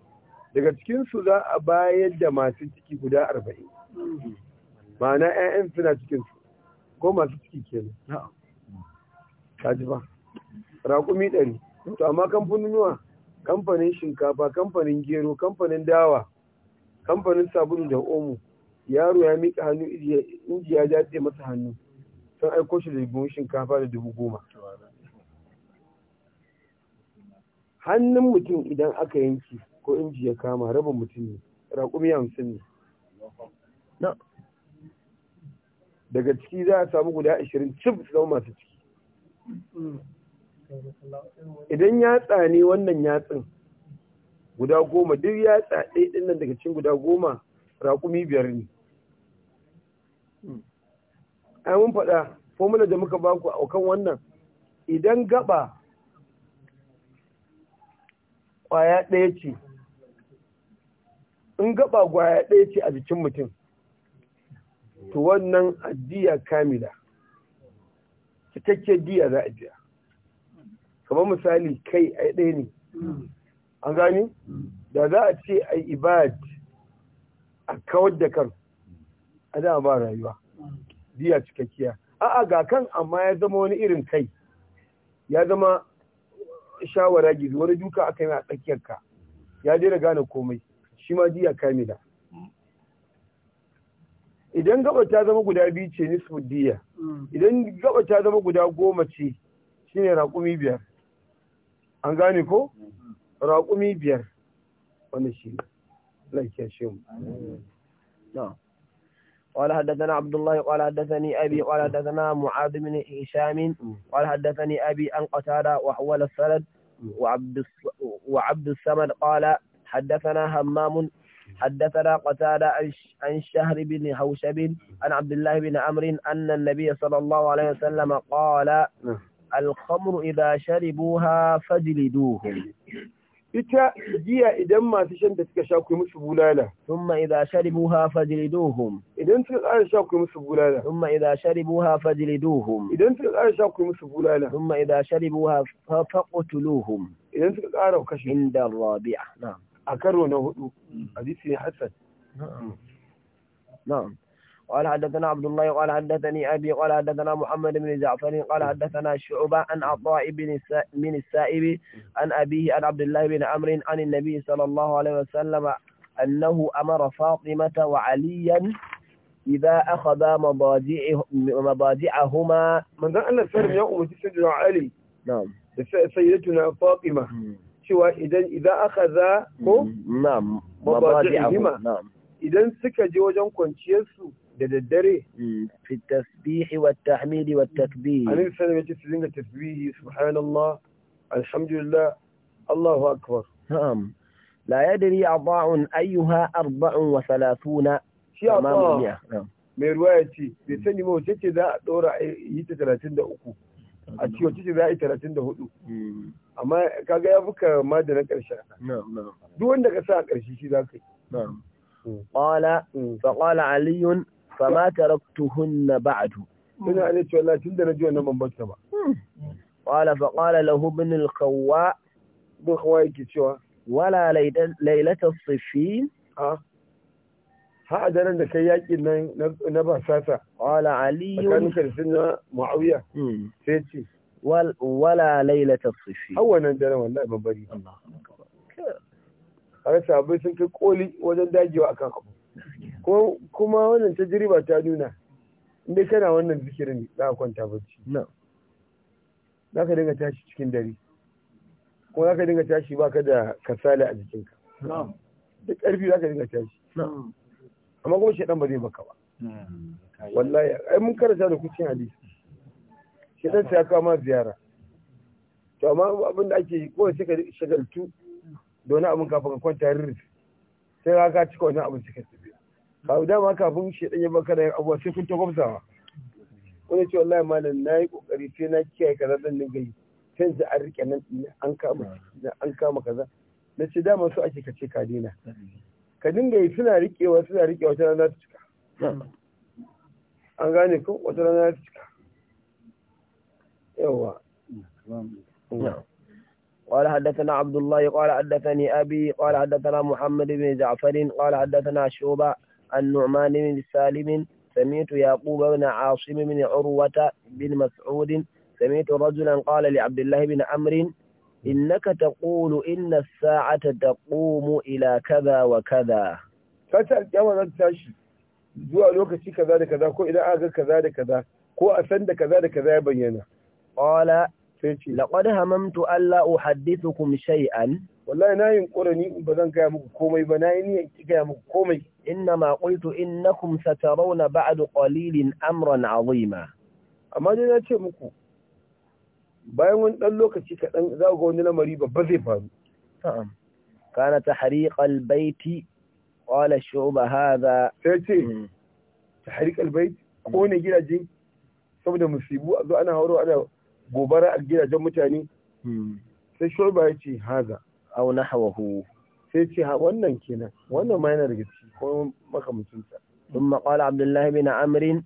daga cikinsu za a bayar da masu ciki guda arba'in. ma'ana 'ya'yan suna cikinsu. ko masu ciki Ka ji ba raƙumi ɗari to amma kamfanin yawa kamfanin shinkafa kamfanin gero kamfanin dawa kamfanin sabulu da omo yaro ya miƙa hannu inji ya jaɗe masa hannu sun aiko shi da dubun shinkafa da dubu goma hannun mutum idan aka yanki ko inji ya kama rabin mutum ne raƙumi hamsin ne daga ciki za a samu guda ashirin cif su zama masu ciki idan yatsa ne wannan yatsin guda goma duk yatsa ɗaya ɗin nan daga cikin guda goma raƙumi biyar ne ai mun faɗa formula da muka baku a kan wannan idan gaba ƙwaya ɗaya ce in gaba gwaya ɗaya ce a jikin mutum to wannan addiya kamila cikakken diya za a biya kamar misali kai a ɗaya ne an gani da za a ce a ibad a kawar da kan a a ba rayuwa diya cikakkiya a'a ga kan amma ya zama wani irin kai ya zama shawara gizo wani duka aka yi a tsakiyar ka ya daina gane komai shi ma diya kamila idan gaba ta zama guda biyu ce nisfu diya hmm. idan gaba ta zama guda goma ce shine raƙumi biyar an gane ko hmm. raƙumi biyar wani shi lafiya shi mu قال حدثنا عبد الله قال حدثني أبي قال حدثنا معاذ بن هشام قال حدثني أبي أن قتادة وحول السند وعبد الصمد قال حدثنا همام حدثنا قتادة عن شهر بن هوشب عن عبد الله بن عمرو أن النبي صلى الله عليه وسلم قال الخمر إذا شربوها فجلدوه ita giya idan masu shan da suka sha ku musu bulala thumma idza sharibuha fajliduhum idan suka ƙara sha ku musu bulala thumma idza sharibuha fajliduhum idan suka ƙara sha ku musu bulala thumma idza sharibuha faqtuluhum idan suka ƙara kashe inda rabi'a na'am أكره أنه na hudu نعم نعم قال حدثنا عبد الله قال حدثني أبي قال حدثنا محمد بن جعفر قال حدثنا شعبة عن عطاء بن السائب عن أبيه عن عبد الله بن عمرو عن النبي صلى الله عليه وسلم أنه أمر فاطمة وعليا إذا أخذ مضاجعه مضاجعهما من ذا أن السلم يقوم سيدنا علي نعم سيدتنا فاطمة cewa idan idan aka za ko na'am mabadi'ihima na'am idan suka je wajen kwanciyar su da daddare fi tasbihi wa tahmidi wa takbir amin sanin yace su dinga tasbihi subhanallah alhamdulillah Allahu akbar na'am la yadri adha'un ayyuha 34 shi adha mai ruwaya ce bai sani ba wace ce za a dora yi ta 33 a ciwo cikin za yi talatin da hudu mm. amma kaga ya fi kama da na ƙarshen duk wanda ka sa a ƙarshe shi za ka yi mm. qala mm. fa Aliyun ali fa ma taraktuhunna ba'du ina ne cewa na tun da na ji wannan ban bata ba qala fa qala lahu ibn al bin khawwa yake cewa wala laylata as-siffin ah. ha a daren da kai yakin nan na basasa wala aliyu tsakaninka da sunna muawiya hmm. sai ce wala lailata sufi har wannan daren wallahi babbari har sabai sun kai koli wajen dagewa a abu kuma wannan ta tajriba ta nuna inda kana wannan zikirin za a kwanta bacci za ka dinga tashi cikin dare kuma za ka dinga tashi ba ka da kasala a jikinka duk ƙarfi za ka dinga tashi amma kuma shaidan ba zai baka ba wallahi ai mun karanta da kucin hadisi shaidan sai ya kawo ma ziyara to amma abin da ake ko sai ka shagaltu da wani abin kafin ka kwanta rirri sai ka cika wani abin suka tafi ka dama kafin shaidan ya baka da abuwa sai kun ta ko wani ce wallahi malam na yi kokari sai na kiyaye kaza zan dinga yi sai za a rike nan an kama an kama kaza na ce dama su ake kace kadina ka dinga yi suna suna wata rana ta cika hmm. an gane ko wata rana ta cika yawa hmm. قال حدثنا عبد الله قال حدثني أبي قال حدثنا محمد بن جعفر قال حدثنا شعبة عن نعمان بن سالم سمعت يعقوب بن عاصم بن عروة بن مسعود سمعت رجلا قال لعبد الله بن عمرو innaka taqulu inna as-sa'ata taqumu ila kaza wa kaza kace alƙiyama za ta tashi zuwa lokaci kaza da kaza ko idan aka kaza da kaza ko a san da kaza da kaza ya bayyana qala laqad hamamtu alla uhaddithukum shay'an wallahi na yunkura ni ba zan gaya muku komai ba na yi niyan komai amran amma na ce muku bayan wani dan lokaci kaɗan za ga wani lamari babba zai faru kana ta hariƙal baiti ƙwala shuba haza sai ce mm. ta hariƙal baiti kone gidaje saboda musibu a zo ana hauro ana gobara a gidajen mutane mm. sai shuba ya ce haza au nahwahu sai ce wannan kenan wannan ma yana daga ciki ko mutunta. ثم قال عبد الله بن عمرو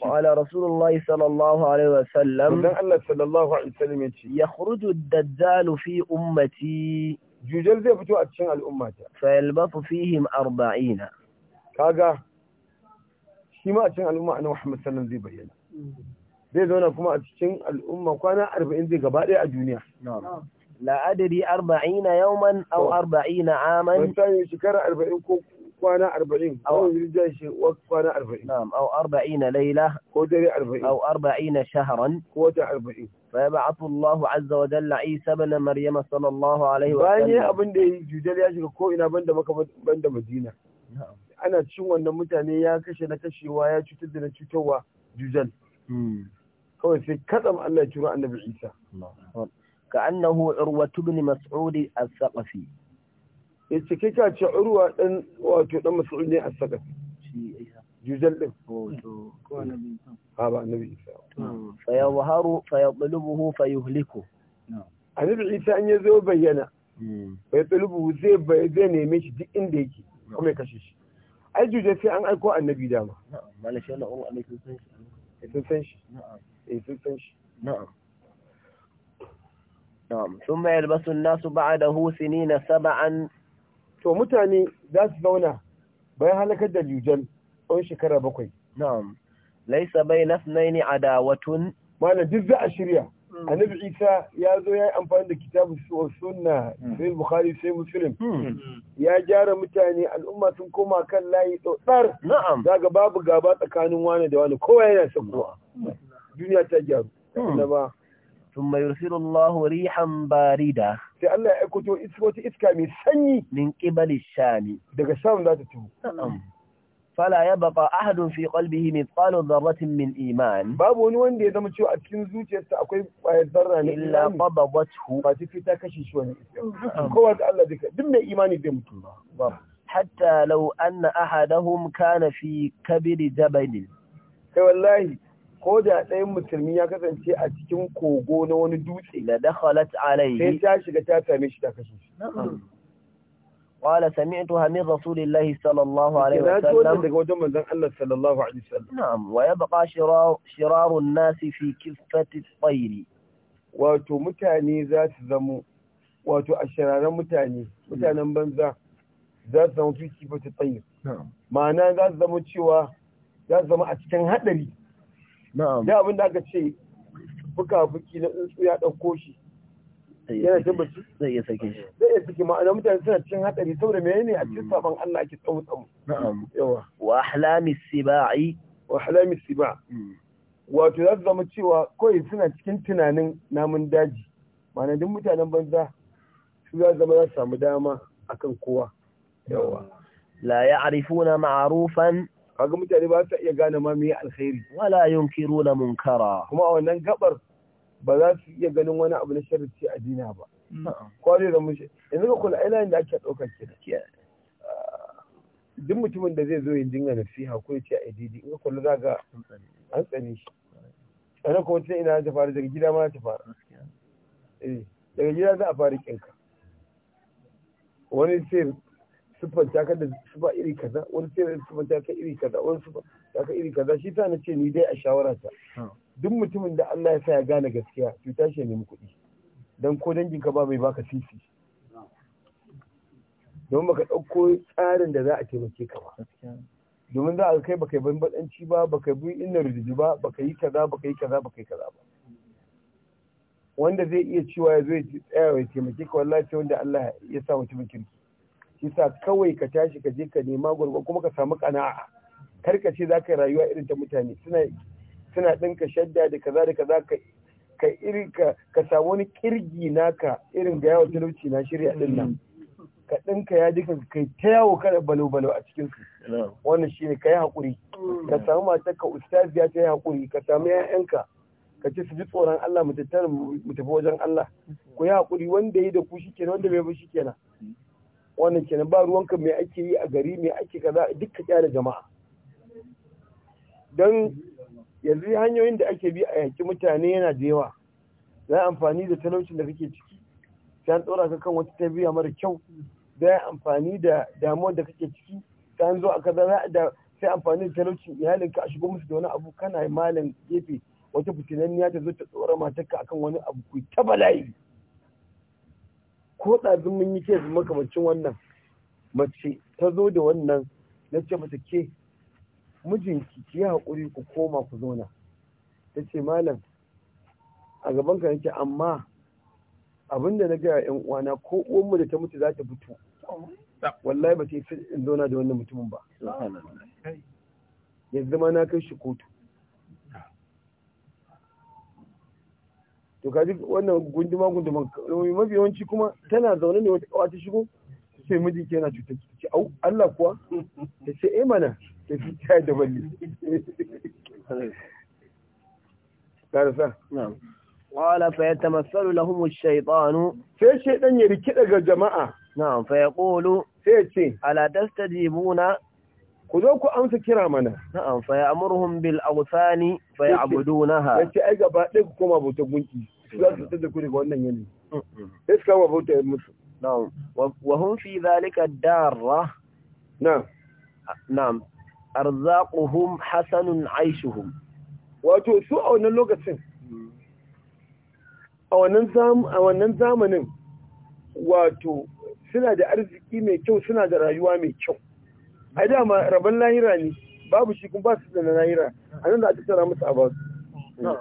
قال رسول الله صلى الله عليه وسلم صلى الله عليه وسلم يخرج الدجال في أمتي جوجل زي فتوى أتشان الأمة فيلبث فيهم أربعين كاغا شما أتشان الأمة أنا محمد صلى الله عليه وسلم zai zauna kuma a cikin al'umma kwana arba'in zai gaba ɗaya a duniya. La adiri arba'ina yauman au arba'ina aman. Wata ne shekara arba'in ko kwana arba'in ko zirjan shi kwana arba'in na'am aw arba'ina layla ko dare arba'in aw arba'ina shahran ko wata arba'in فيبعث الله عز وجل عيسى بن مريم صلى الله عليه وسلم باي abin da jujal ya shiga ko ina banda maka banda madina ana cikin wannan mutane ya kashe na kashewa ya cutar da na cutarwa jujal hmm. kawai sai katsam Allah ya turo annabi Isa ka annahu urwatu ibn mas'ud as-saqafi ya ce kai ka ce urwa dan wato dan mas'ud ne a saka juzal din ha ba annabi isa hmm. fa yawharu fa yatlubuhu fa yuhliku annabi isa an yazo bayyana bai hmm. tulubu zai bai zai neme shi duk inda yake kuma ya kashe shi ai jujal sai an aiko annabi dama malashi Allah Allah alaihi sun san shi na'am eh, sun san shi na'am نعم ثم يلبس الناس بعده سنين سبعا to mutane za su zauna bayan halakar da Dujjal tsawon shekara bakwai. Na'am. Laisa bai nasnaini adawatun. Mana duk za a shirya. Hmm. Annabi Isa ya zo ya yi amfani da kitabu sunna hmm. sai Bukhari sai Muslim. Hmm. Ya gyara mutane al'umma sun koma kan layi tsotsar. Na'am. Daga babu gaba tsakanin wani da wani kowa yana sakuwa. Duniya ta gyaru. ba. Tumma rihan barida. sai Allah ya aiko wata iska mai sanyi min qibali shami daga sham za ta tuhu fala ya baka ahadun fi qalbihi mithqalu dharratin min iman babu wani wanda ya zama cewa a cikin zuciyarsa akwai kwayar zarra ne illa qabadathu ba ta fita kashi shi wani kowa da Allah duka duk mai imani zai mutu hatta law anna ahadahum kana fi kabiri jabalin kai wallahi ko da ɗayan musulmi ya kasance a cikin kogo na wani dutse da dakhalat alayhi sai ta shiga ta same shi ta kashe shi qala sami'tuha min sallallahu alaihi wasallam daga wajen manzon Allah sallallahu alaihi wasallam na'am wa yabqa shiraru an-nas fi kiffati at wato mutane za su zamo a shiraran mutane mutanen banza za su zama fi kiffati at ma'ana za su zama cewa za su zama a cikin hadari da abin da aka ce fuka-fuki na tsuntsu ya ɗauko shi yana jin bacci zai iya sake shi zai iya sake ma'ana mutane suna cin hatsari saboda ne a cikin hmm. sabon Allah ake tsawo tsawo na'am yawa wa ahlami sibai wa ahlami siba hmm. wato za su zama cewa kawai suna cikin tunanin namun daji ma'ana duk mutanen banza su za zama za su samu dama akan kowa yawa la ya arifuna maarufan? kaga mutane ba su iya gane ma meye alkhairi wala yunkiruna munkara kuma a wannan gabar ba za su iya ganin wani abu na sharri a dina ba mm. dai da mushi yanzu ka kula ina da ake daukar ke duk mutumin da zai zo ya dinga nasiha ko ya ce a didi in ka kula za ga an tsane shi ana kuma tun ina ta fara daga gida ma ta fara eh, daga gida za a fara kinka wani sai ta ka da siffa iri kaza wani sai ta ka iri kaza wani ta ka iri kaza shi ta na ce ni dai a shawara ta duk mutumin da Allah ya sa ya gane gaskiya to tashi ya nemi kuɗi dan ko dangin ka ba mai baka sisi don baka ɗauko tsarin da za a taimake ka ba domin za a kai baka yi banbaɗanci ba baka bi inna rijiji ba baka yi kaza baka yi kaza baka yi kaza ba wanda zai iya cewa ya zo ya tsaya ya taimake ka wallahi sai wanda Allah ya sa mutumin kirki isa kawai ka tashi ka je ka nema gurgurdan kuma ka samu kana'a kar ka ce zaka rayuwa irin ta mutane suna suna dinka shadda da kaza da kaza ka ka iri ka samu wani kirgi naka irin ga yawo talauci na shirya din nan ka dinka ya duka kai ta yawo kada balo-balo a cikinsu wannan shi ne ka yi haƙuri ka samu matar ka ustaziya ta yi haƙuri ka samu ‘ya'yanka ka ce su ji tsoron Allah mu tafi wajen Allah ku yi haƙuri wanda ya da ku shi kenan wanda bai bi shi kenan wannan kenan ba ruwanka me ake yi a gari mai ake kaza duk kyara jama'a don yanzu hanyoyin da ake bi a yaki mutane yana da yawa za amfani da talaucin da kake ciki ta an tsora ka kan wata tarbiyya mara kyau da amfani da damuwar da kake ciki ta an zo a kaza da sai amfani da talaucin iyalinka a shigo musu da wani abu kana malam gefe wata fitinanniya ta zo ta tsora matarka akan wani abu ku ta bala'i ko ɗazin mun yi maka makamancin wannan mace ta zo da wannan na ce mata ke mijinki ki yi haƙuri ku koma ku zauna ta ce malam a gaban ka nake amma abinda na gaya yan uwana ko uwanmu da ta mutu za ta fito wallahi ba ta yi in zauna da wannan mutumin ba yanzu ma na kai shi kotu to kaji wannan gunduma gunduma mafi yawanci kuma tana zaune ne wata kawa ta shigo sai ce miji ke yana cutar ki au Allah kuwa ta ce eh mana ta fi ta da balli karasa na'am qala fa yatamassalu lahum ash-shaytanu sai shaytan ya rikida ga jama'a na'am fa yaqulu sai ce ala tastajibuna ku zo ku amsa kira mana na'am fa ya'muruhum bil awthani fa ya'budunaha yace ai gaba ɗaya ku koma bauta gunki za su tada ku daga wannan yanayi sai su kama bauta musu na'am wa hum fi zalika darra na'am na'am arzaquhum hasanun aishuhum wato su a wannan lokacin a wannan zamanin wato suna da arziki mai kyau suna da rayuwa mai kyau ai dama rabon lahira ne babu shi kuma ba su da lahira a nan da aka tara musu a ba su sun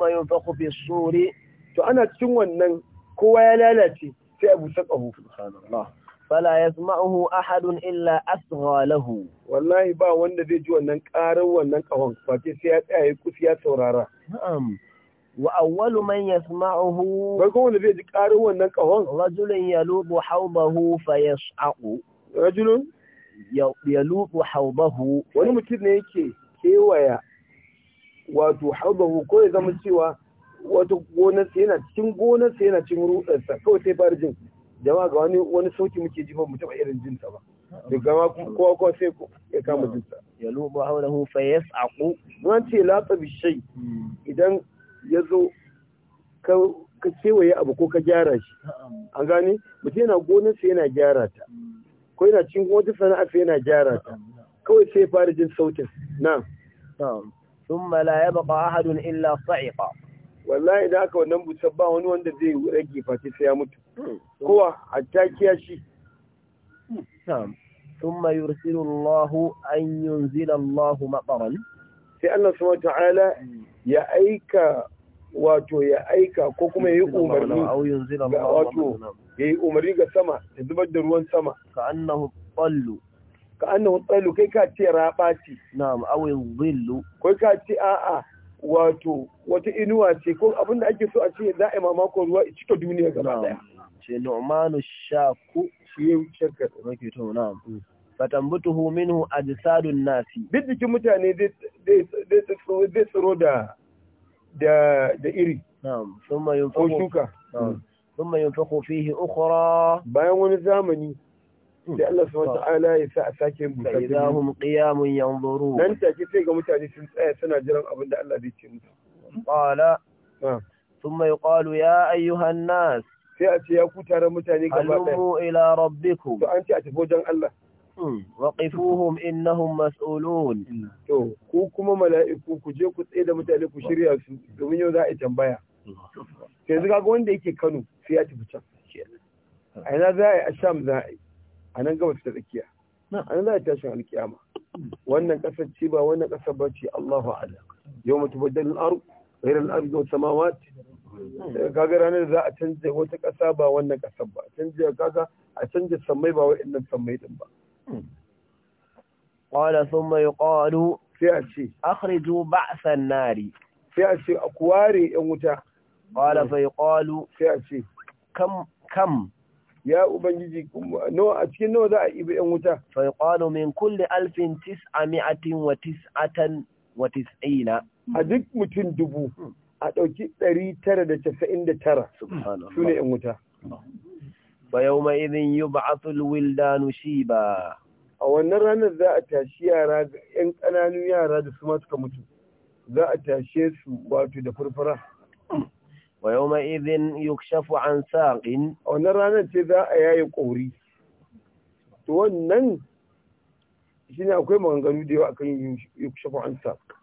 ma yin fako fi sore to ana cikin wannan kowa ya lalace sai abu ta ƙaho fala ya ma'ahu ahadun illa asgha lahu wallahi ba wanda zai ji wannan ƙarar wannan ƙahon ba sai ya tsaya kusa ya saurara na'am wa awwalu man yasma'uhu Ba kuma wanda zai ji ƙarar wannan ƙahon rajulun yalubu hawbahu fa yas'aqu rajulun ya lubu haubahu wani mutum ne yake kewaya wato haubahu ko ya zama cewa wato gonarsa yana cikin gonarsa yana cikin rudarsa kawai sai fara jin Jam'a ga wani wani sauki muke ji ba mu taba irin jin sa ba to gama kowa kowa sai ya kama jin sa ya lubu haulahu fa yas'aqu wannan ce latsa bishai idan ya zo ka kewaye abu ko ka gyara shi an gane mutum yana sai yana gyara ta ko yana kuma duk sana'a sai yana gyara ta kawai sai fara jin sautin na thumma la yabqa ahadun illa sa'iqa wallahi idan aka wannan buta ba wani wanda zai rage face sai ya mutu hmm. kowa hatta kiyashi ثم يرسل الله an ينزل الله مطرا sai Allah subhanahu ta'ala hmm. ya aika wato ya aika ko kuma ya yi umarni wato yayi umarni ga sama ya zubar da ruwan sama ka annahu tsallu. ka annahu tsallu, kai ka ce raba ce na'am aw yadhillu kai ka ce a'a wato wata inuwa ce ko abinda ake so a ce za a mamakon ruwa a cika duniya gaba daya ce nu'manu shaku shi ya shakka rake to na'am fatambutuhu minhu ajsadun nasi duk jikin mutane zai tsaro da da iri na'am sun summa Ko shuka thumma yunfakhu fihi ukhra bayan wani zamani hmm. sai Allah subhanahu ta'ala ya sa a sake bukatar sai zahum qiyamun yanzuru nan take sai ga mutane sun tsaya suna jiran abin da Allah zai ce musu qala thumma yuqalu ya ayyuhan nas sai a ce ya ku taron mutane gaba ɗaya alumu ila rabbikum to an ce a tafi wajen Allah hmm. waqifuhum innahum mas'ulun to ku kuma mala'iku ku je ku tsaye da mutane ku shirya su domin yau za a yi tambaya sai zuga ga wanda yake Kano sai ya tafi can hmm. a yana za a yi a sham za a yi a nan gabas ta tsakiya hmm. a nan za a tashin alkiyama hmm. wannan kasar ce ba wannan kasar ba ce Allahu a'lam yau mutu baddal al-ard ghayr al-ard wa samawat kaga ranar za a canza wata kasa ba wannan kasar ba canza kaga a canja sammai ba wa'annan sammai din ba qala thumma yuqalu sai a ce akhriju ba'sa an-nari sai a ce a kuware yan wuta qala fa yuqalu sai a ce kam kam ya ubangiji a cikin nawa za a ibi yan wuta fa yaqalu min kulli alfin tis'ami'atin wa tis'atan wa tis'ina a duk mutum dubu a ɗauki ɗari tara da casa'in da tara su ne yan wuta ba yawma idin yub'athu alwildan shiba a wannan ranar za a tashi yara yan kananun yara da su ma suka mutu za a tashe su wato da furfura wa yau ma izin yukshafu an sa'in a wannan ranar ce za a yayi kori to wannan shi ne akwai maganganu da yawa akan yukshafu an sa'in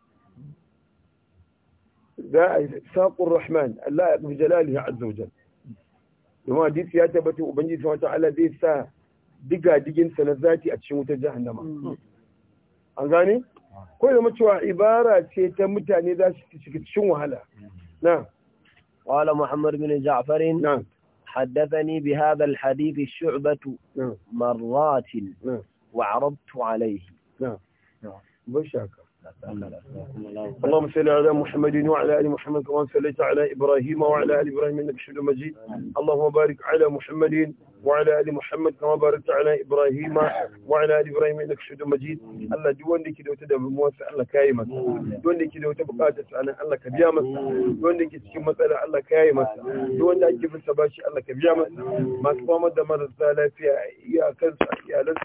za a saƙon rahman Allah ya ƙafi jalalihi azzawajal domin hadisi ya tabbata ubangiji wata ala zai sa diga digadiginsa na zati a cikin wutar jahannama an gane ko da cewa ibara ce ta mutane za su cikin wahala na قال محمد بن جعفر نعم حدثني بهذا الحديث الشعبة نعم مرات نعم وعرضت عليه نعم نعم بشكل اللهم صل على محمد وعلى ال محمد كما صليت على ابراهيم وعلى ال ابراهيم انك حميد مجيد اللهم بارك على محمد وعلى ال محمد كما باركت على ابراهيم وعلى ال ابراهيم انك حميد مجيد الله duk wanda yake da wata damuwa sai Allah ka masa duk wanda da wata bukata sai Allah ka biya masa cikin matsala Allah ka yi ake fissa bashi Allah ka masu fama da marasa lafiya da su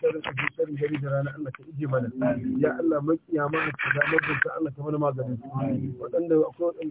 shirin shirin da Allah iji mana ya Allah makiya mana ka da mabunta Allah ka mana maganin waɗanda akwai